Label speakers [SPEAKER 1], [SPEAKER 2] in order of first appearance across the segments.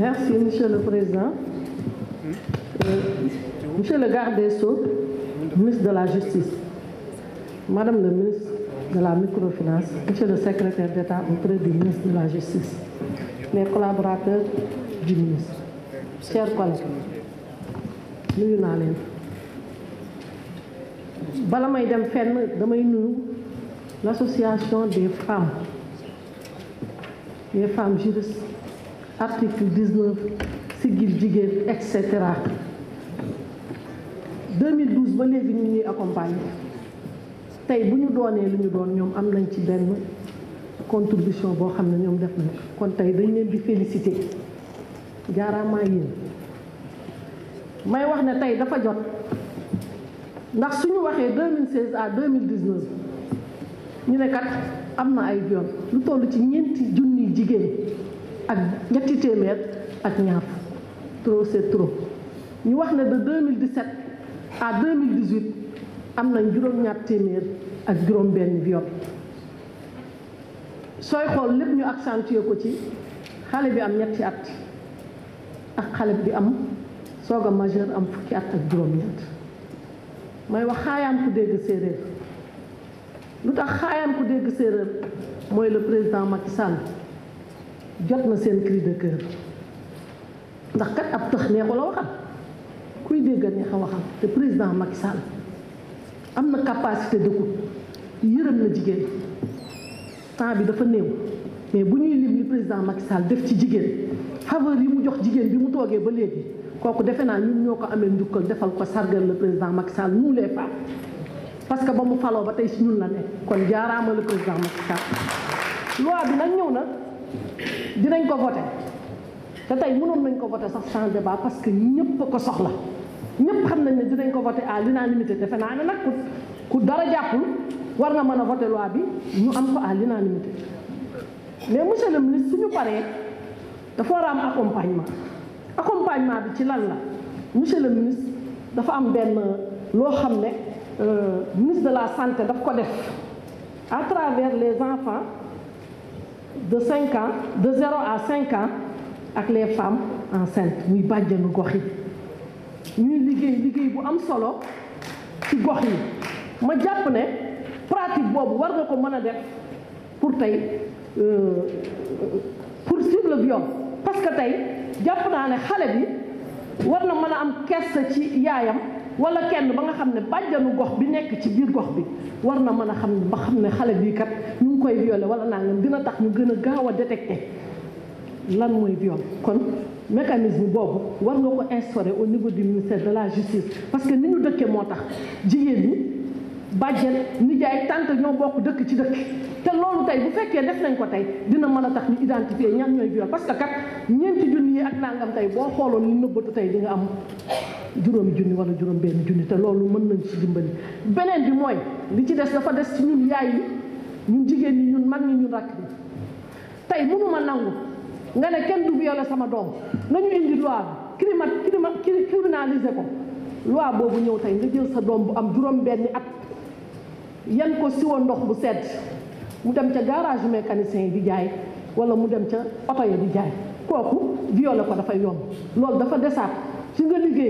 [SPEAKER 1] Merci, Monsieur le Président. Euh, monsieur le garde des Sceaux, ministre de la Justice, Madame le ministre de la Microfinance, Monsieur le secrétaire d'État auprès du ministre de la Justice, mes collaborateurs du ministre, chers collègues, nous y sommes bala fenn l'association des femmes, des femmes juristes article 19 Sigil jigéen etc. 2012 ba léegi ñu ñuy accompagner tey bu ñu doonee lu am nañ ci benn contribution boo xam ne ñoom def nañ kon tay, dañ leen di féliciter jaaraamaa yéen may wax ne tay, dafa jot ndax suñu waxee 2016 à 2019 ñu ne kat am na ay viol lu toll ci ñeenti junni jigéen ak ñetti téeméer ak ñaar trop c'est trop ñu wax ne de 2017 à 2018 am nañ juróom-ñaar téeméer ak juróom-benn viol sooy xool lépp ñu accentuer ko ci xale bi am ñetti at ak xale bi am soog a majeur am fukki at ak juróom-ñett may wax xaayaan ku dégg séeréer lu tax xaayaan ku dégg séeréer mooy le président Macky Sall jot na seen cri de cœur ndax kat ab tëx neexu la kuy dégg neex a waxal te président Macky am na capacité d'écoute yërëm na jigéen temps bi dafa néew mais bu ñuy lim li président Macky Sall def ci jigéen faveur yi mu jox jigéen bi mu toogee ba léegi kooku defe naa ñun ñoo ko amee njukkal defal ko sargal le président Macky Sall nous les parce que ba mu faloo ba tey si ñun la nekk kon jaaraama la président Macky Sall bi nag ñëw na dinañ ko voté te tay mënon nañ ko voté sax sans débat parce que ñëpp ko soxla ñëpp xam nañ ne dinañ ko voté à l'unanimité té fena na nak ku dara jàppul war na mëna a voté loi bi ñu am ko à l'unanimité mais monsieur le ministre suñu paré da fa a am accompagnement accompagnement bi ci lan la monsieur le ministre dafa am ben lo xamné euh ministre de la santé daf ko def à travers les enfants de 5 ans de 0 à 5 ans avec les femmes enceintes Nous bàjjanu gox nous bu Nous solo ci gox yi ma Nous ne pratique pour euh, pour suivre le viol parce que les faire. ne bi wala kenn ba nga xam ne bàjjanu gox bi nekk ci biir gox bi war na mën a xam ba xam ne xale bii kat ñu ngi koy violé wala nangam dina tax ñu gën a gaaw a détecté lan mooy viol kon mécanisme boobu war nga ko instaurer au niveau du ministère de la justice parce que ni ñu dëkkee moo tax jigéen ñi bàjjen nijaay tante ñoo bokk dëkk ci dëkk te loolu tey bu fekkee def nañ ko tey dina mën a tax ñu identifier ñan ñooy viol parce que kat ñeenti junni yi ak nangam tey boo xooloon li nëbbatu tey di nga am juróomi junni wala juróom benn junni te loolu mën nañ ci dimbali beneen bi mooy li ci des dafa des ci ñun yaay yi ñun jigéen ñi ñun mag ñi ñun rakk bi tey mënuma nangu nga ne kenn du violé sama doom nañu indi loi bi crime criminalisé ko loi boobu ñëw tey nga jël sa doom bu am juróom benni at yan ko siwa ndox bu sedd mu dem ca garage mécanicien yi di jaay wala mu dem ca oto ya di jaay kooku violé ko dafa yomb loolu dafa desaat ci nga liggéey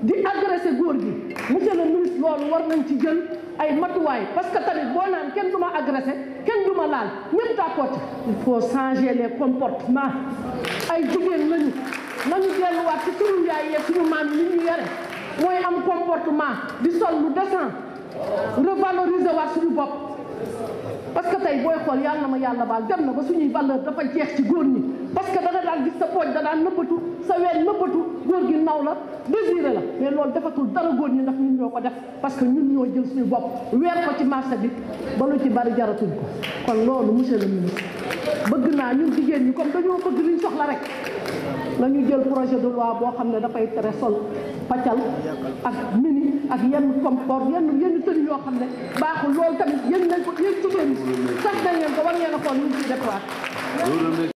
[SPEAKER 1] di agressé góor gi monsieur le ministre loolu war nañ ci jël ay matuwaay parce que tamit boo kenn du ma agressé kenn du ma laal ñëpp d'accord il faut changer les ay jigéen lañu nañu delluwaat ci suñu yaay yeeg suñu maam li ñu yore mooy am comportement di sol lu décent revaloriser waat suñu bopp parce que tey booy xool yàlla na ma yàlla baal dem na ba suñuy valeur dafa jeex ci góor ñi parce que daan nëbbatu sa ween nëbbatu góor gi naw la désiré la mais loolu defatul dara góor ñi ndax ñun ñoo ko def parce que ñun ñoo jël suñu bopp weer ko ci marché bi ba lu ci bari jaratuñ ko kon loolu monsieur le ministre bëgg naa ñun jigéen ñi comme dañoo bëgg liñ soxla rek lañu jël projet de loi boo xam ne dafay tere sol paccal ak mini ak yenn comport yenn yenn tëri yoo xam ne baaxul loolu tamit yéen nañ ko yéen jigéen ñi sax nañ leen ko war ngeen a xool ñu ci départ